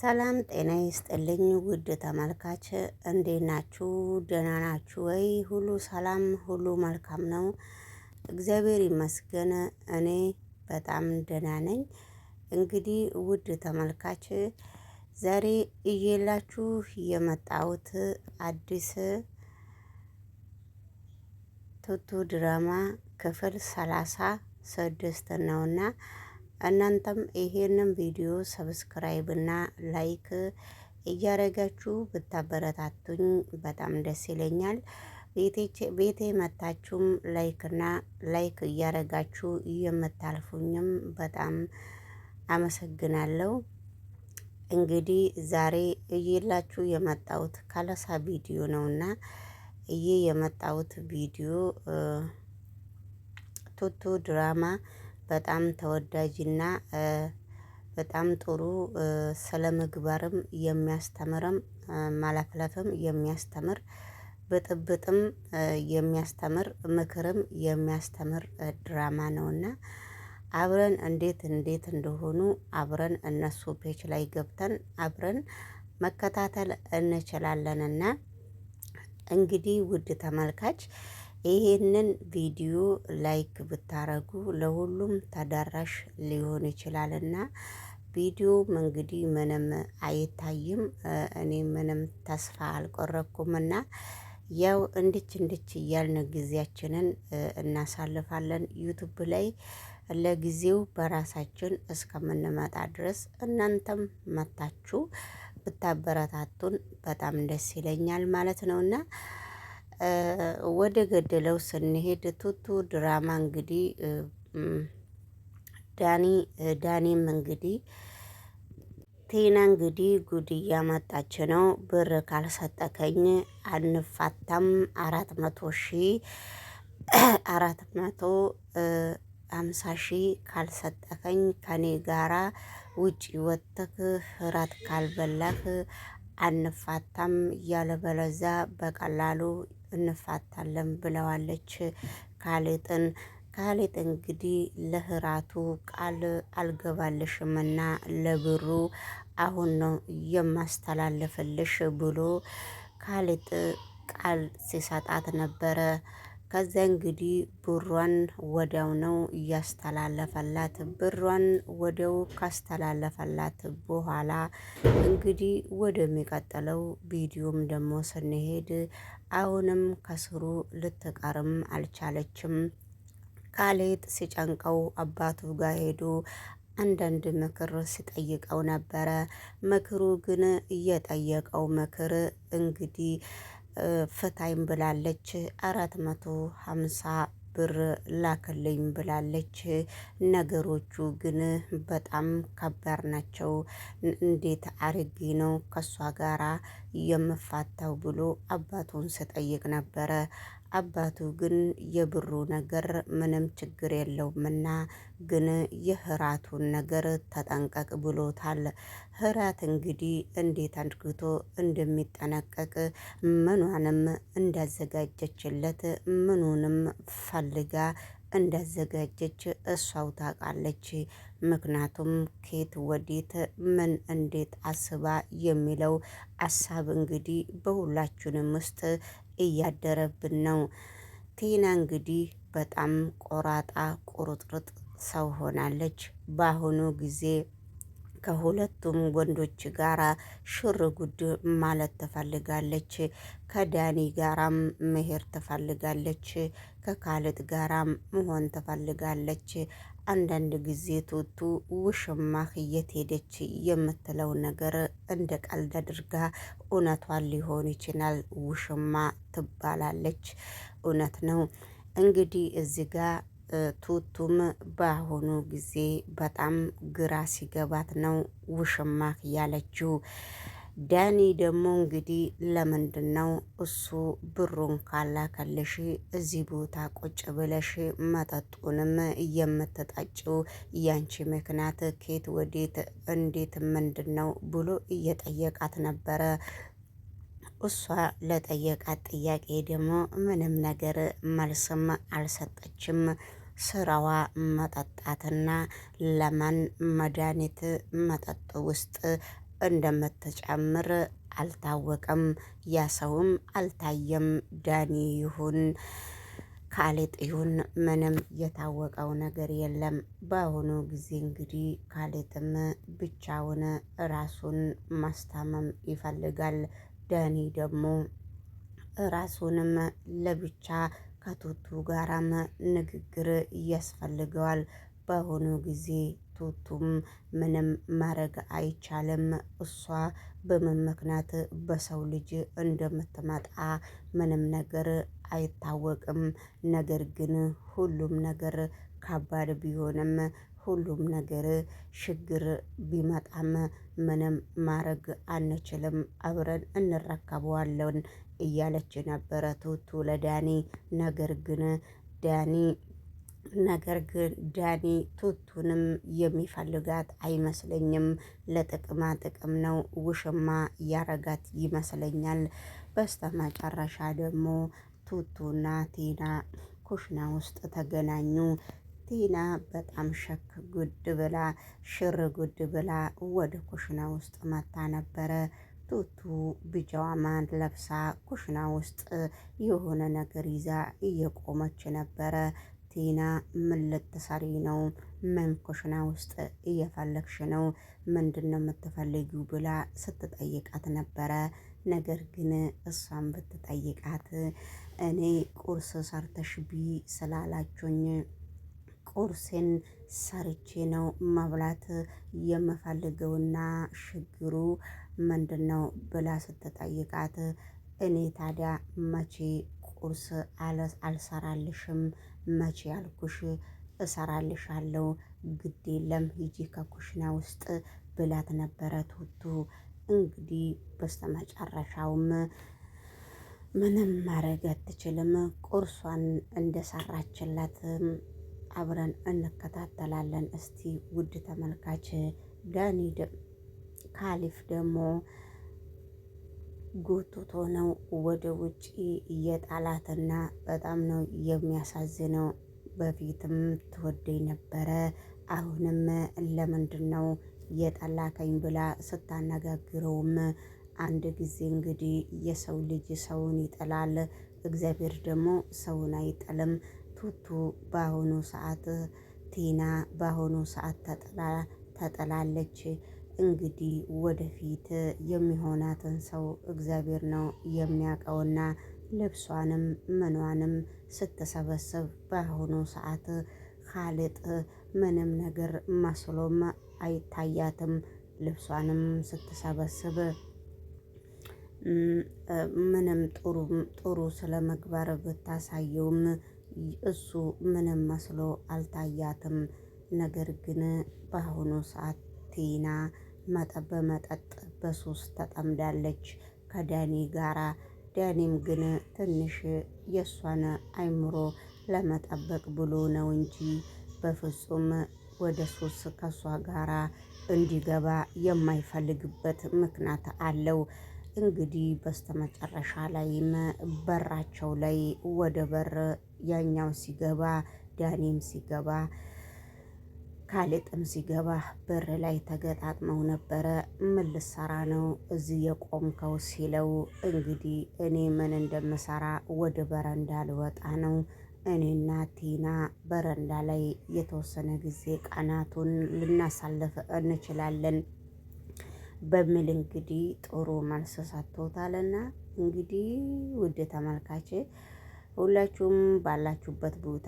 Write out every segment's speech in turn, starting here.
ሰላም ጤና ይስጥልኝ ውድ ተመልካች፣ እንዴት ናችሁ? ደህና ናችሁ ወይ? ሁሉ ሰላም፣ ሁሉ መልካም ነው። እግዚአብሔር ይመስገን፣ እኔ በጣም ደህና ነኝ። እንግዲህ ውድ ተመልካች፣ ዛሬ እየላችሁ የመጣሁት አዲስ ቱቱ ድራማ ክፍል ሰላሳ ስድስት ነውና እናንተም ይሄንን ቪዲዮ ሰብስክራይብ እና ላይክ እያረጋችሁ ብታበረታቱኝ በጣም ደስ ይለኛል። ቤቴ መታችሁም ላይክና ላይክ እያረጋችሁ የምታልፉኝም በጣም አመሰግናለሁ። እንግዲህ ዛሬ እየላችሁ የመጣሁት ካለሳ ቪዲዮ ነውና ይህ የመጣሁት ቪዲዮ ቱቱ ድራማ በጣም ተወዳጅና በጣም ጥሩ ስለምግባርም የሚያስተምርም ማለፍለፍም የሚያስተምር ብጥብጥም የሚያስተምር ምክርም የሚያስተምር ድራማ ነውና አብረን እንዴት እንዴት እንደሆኑ አብረን እነሱ ፔጅ ላይ ገብተን አብረን መከታተል እንችላለንና እንግዲህ ውድ ተመልካች ይሄንን ቪዲዮ ላይክ ብታረጉ ለሁሉም ተደራሽ ሊሆን ይችላል እና ቪዲዮም እንግዲህ ምንም አይታይም። እኔ ምንም ተስፋ እና ያው እንድች እንድች እያልን ጊዜያችንን እናሳልፋለን። ዩቱብ ላይ ለጊዜው በራሳችን እስከምንመጣ ድረስ እናንተም መታችሁ ብታበረታቱን በጣም ደስ ይለኛል ማለት ነውና ወደ ገደለው ስንሄድ ቱቱ ድራማ እንግዲህ ዳኒ ዳኒም እንግዲህ ቴና እንግዲህ ጉድ እያመጣች ነው። ብር ካልሰጠከኝ አንፋታም። አራት መቶ ሺ አራት መቶ አምሳ ሺ ካልሰጠከኝ ከኔ ጋራ ውጪ ወጥተህ እራት ካልበላህ አንፋታም ያለበለዛ በቀላሉ እንፋታለን ብለዋለች ካሌጥን። ካሌጥ እንግዲህ ለህራቱ ቃል አልገባልሽምና ለብሩ አሁን ነው የማስተላለፍልሽ ብሎ ካሌጥ ቃል ሲሰጣት ነበረ። ከዚያ እንግዲህ ብሯን ወዲያው ነው እያስተላለፈላት። ብሯን ወዲያው ካስተላለፈላት በኋላ እንግዲህ ወደሚቀጥለው ቪዲዮም ደግሞ ስንሄድ አሁንም ከስሩ ልትቀርም አልቻለችም። ካሌት ሲጨንቀው አባቱ ጋር ሄዶ አንዳንድ ምክር ሲጠይቀው ነበረ። ምክሩ ግን እየጠየቀው ምክር እንግዲህ ፍታይም ብላለች አራት መቶ ሀምሳ ብር ላክልኝ ብላለች። ነገሮቹ ግን በጣም ከባድ ናቸው። እንዴት አርጌ ነው ከእሷ ጋራ የምፋታው ብሎ አባቱን ስጠይቅ ነበረ። አባቱ ግን የብሩ ነገር ምንም ችግር የለውምና ግን የህራቱን ነገር ተጠንቀቅ ብሎታል። ህራት እንግዲህ እንዴት አድግቶ እንደሚጠነቀቅ ምኗንም እንዳዘጋጀችለት ምኑንም ፈልጋ እንዳዘጋጀች እሷው ታውቃለች። ምክንያቱም ኬት ወዴት ምን እንዴት አስባ የሚለው አሳብ እንግዲህ በሁላችንም ውስጥ እያደረብን ነው። ቲና እንግዲህ በጣም ቆራጣ ቁርጥርጥ ሰው ሆናለች በአሁኑ ጊዜ ከሁለቱም ወንዶች ጋራ ሽር ጉድ ማለት ትፈልጋለች። ከዳኒ ጋራም መሄድ ትፈልጋለች። ከካልጥ ጋራም መሆን ትፈልጋለች። አንዳንድ ጊዜ ቱቱ ውሽማህ የት ሄደች የምትለው ነገር እንደ ቀልድ አድርጋ እውነቷን ሊሆን ይችላል ውሽማ ትባላለች። እውነት ነው እንግዲህ እዚህ ጋር ቱቱም በአሁኑ ጊዜ በጣም ግራ ሲገባት ነው ውሽማክ ያለችው። ዳኒ ደግሞ እንግዲህ ለምንድን ነው እሱ ብሩን ካላከልሽ እዚህ ቦታ ቁጭ ብለሽ መጠጡንም የምትጠጪው ያንቺ ምክንያት ኬት ወዴት እንዴት ምንድን ነው ብሎ እየጠየቃት ነበረ። እሷ ለጠየቃት ጥያቄ ደግሞ ምንም ነገር መልስም አልሰጠችም። ስራዋ መጠጣትና ለማን መድኃኒት መጠጥ ውስጥ እንደምትጨምር አልታወቀም። ያ ሰውም አልታየም። ዳኒ ይሁን ካሌጥ ይሁን ምንም የታወቀው ነገር የለም። በአሁኑ ጊዜ እንግዲህ ካሌጥም ብቻውን ራሱን ማስታመም ይፈልጋል። ዳኒ ደግሞ ራሱንም ለብቻ ከቱቱ ጋራም ንግግር ያስፈልገዋል። በአሁኑ ጊዜ ቱቱም ምንም ማድረግ አይቻልም። እሷ በምን ምክንያት በሰው ልጅ እንደምትመጣ ምንም ነገር አይታወቅም። ነገር ግን ሁሉም ነገር ከባድ ቢሆንም ሁሉም ነገር ችግር ቢመጣም ምንም ማድረግ አንችልም አብረን እንረከበዋለን እያለች ነበረ ቱቱ ለዳኒ። ነገር ግን ዳኒ ነገር ግን ዳኒ ቱቱንም የሚፈልጋት አይመስለኝም። ለጥቅማ ጥቅም ነው ውሽማ ያረጋት ይመስለኛል። በስተመጨረሻ ደግሞ ቱቱና ቲና ኩሽና ውስጥ ተገናኙ። ቲና በጣም ሸክ ጉድ ብላ ሽር ጉድ ብላ ወደ ኩሽና ውስጥ መታ ነበረ። ቱቱ ማንድ ለብሳ ኩሽና ውስጥ የሆነ ነገር ይዛ እየቆመች ነበረ። ቲና ምን ልትሰሪ ነው? ምን ኩሽና ውስጥ እየፈለግሽ ነው? ምንድን ነው የምትፈልጊው? ብላ ስትጠይቃት ነበረ። ነገር ግን እሷን ብትጠይቃት እኔ ቁርስ ሰርተሽ ቢ ስላላችሁኝ ቁርሴን ሰርቼ ነው መብላት የምፈልገውና ችግሩ ምንድነው? ብላ ስትጠይቃት እኔ ታዲያ መቼ ቁርስ አልሰራልሽም መቼ አልኩሽ እሰራልሻለሁ ግድ የለም ሂጂ ከኩሽና ውስጥ ብላት ነበረ። ቱቱ እንግዲህ በስተመጨረሻውም ምንም ማድረግ አትችልም ቁርሷን እንደሰራችላት አብረን እንከታተላለን። እስቲ ውድ ተመልካች ዳኒ ካሊፍ ደግሞ ጎትቶ ነው ወደ ውጪ የጣላትና በጣም ነው የሚያሳዝነው። በፊትም ትወደኝ ነበረ፣ አሁንም ለምንድን ነው የጠላከኝ ብላ ስታነጋግረውም አንድ ጊዜ እንግዲህ የሰው ልጅ ሰውን ይጠላል፣ እግዚአብሔር ደግሞ ሰውን አይጠልም። ቱቱ በአሁኑ ሰዓት ቲና በአሁኑ ሰዓት ተጠላለች። እንግዲህ ወደፊት የሚሆናትን ሰው እግዚአብሔር ነው የሚያውቀውና ልብሷንም ምኗንም ስትሰበስብ በአሁኑ ሰዓት ካልጥ ምንም ነገር መስሎም አይታያትም። ልብሷንም ስትሰበስብ ምንም ጥሩ ጥሩ ስለመግባር ብታሳየውም እሱ ምንም መስሎ አልታያትም። ነገር ግን በአሁኑ ሰዓት ቴና መጠ በመጠጥ በሱስ ተጠምዳለች ከዳኒ ጋራ። ዳኒም ግን ትንሽ የእሷን አይምሮ ለመጠበቅ ብሎ ነው እንጂ በፍጹም ወደ ሱስ ከእሷ ጋራ እንዲገባ የማይፈልግበት ምክንያት አለው። እንግዲህ በስተመጨረሻ ላይም በራቸው ላይ ወደ በር ያኛው ሲገባ ዳኔም ሲገባ ካሌጥም ሲገባ በር ላይ ተገጣጥመው ነበረ። ምን ልሰራ ነው እዚህ የቆምከው ሲለው እንግዲህ እኔ ምን እንደምሰራ ወደ በረንዳ ልወጣ ነው እኔና ቲና በረንዳ ላይ የተወሰነ ጊዜ ቀናቱን ልናሳልፍ እንችላለን። በሚል እንግዲህ ጥሩ መልስ ሰጥቶታልና እንግዲህ ውድ ተመልካች ሁላችሁም ባላችሁበት ቦታ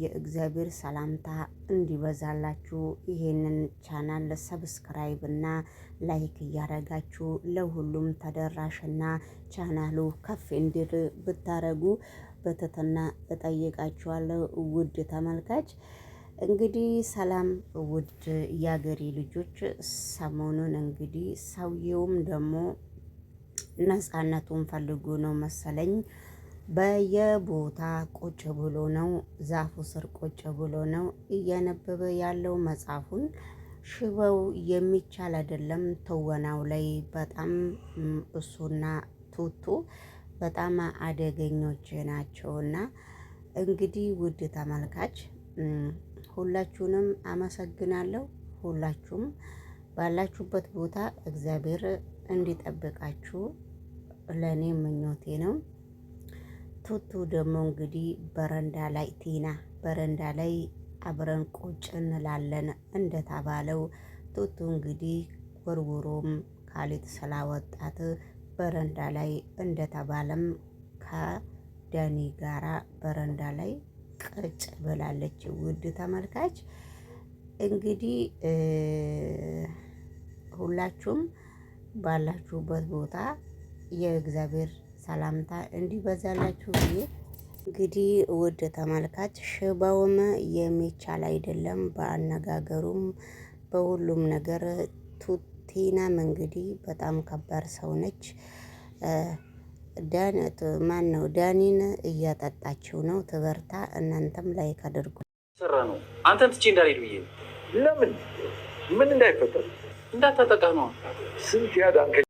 የእግዚአብሔር ሰላምታ እንዲበዛላችሁ ይሄንን ቻናል ሰብስክራይብ እና ላይክ እያደረጋችሁ ለሁሉም ተደራሽና ቻናሉ ከፍ እንዲል ብታረጉ በትህትና እጠይቃችኋለሁ ውድ ተመልካች። እንግዲህ ሰላም ውድ የአገሬ ልጆች፣ ሰሞኑን እንግዲህ ሰውየውም ደግሞ ነጻነቱን ፈልጎ ነው መሰለኝ በየቦታ ቁጭ ብሎ ነው፣ ዛፉ ስር ቁጭ ብሎ ነው እያነበበ ያለው መጽሐፉን። ሽበው የሚቻል አይደለም። ትወናው ላይ በጣም እሱና ቱቱ በጣም አደገኞች ናቸውና እንግዲህ ውድ ተመልካች ሁላችሁንም አመሰግናለሁ። ሁላችሁም ባላችሁበት ቦታ እግዚአብሔር እንዲጠብቃችሁ ለእኔ ምኞቴ ነው። ቱቱ ደግሞ እንግዲህ በረንዳ ላይ ቲና በረንዳ ላይ አብረን ቁጭ እንላለን እንደተባለው ቱቱ እንግዲህ ጎርጎሮም ካሊጥ ስላወጣት በረንዳ ላይ እንደተባለም ከዳኒ ጋራ በረንዳ ላይ ቀጭ ብላለች። ውድ ተመልካች እንግዲህ ሁላችሁም ባላችሁበት ቦታ የእግዚአብሔር ሰላምታ እንዲበዛላችሁ ብዬ እንግዲህ ውድ ተመልካች ሽባውም የሚቻል አይደለም። በአነጋገሩም በሁሉም ነገር ቱቲናም እንግዲህ በጣም ከባድ ሰው ነች። ማን ነው ዳኒን እያጠጣችው ነው። ትበርታ። እናንተም ላይክ አድርጉ። ስራ ነው አንተን ትቼ እንዳልሄድ ብዬ ለምን ምን እንዳይፈጠር እንዳታጠቃ ነው ስንት ያዳንከ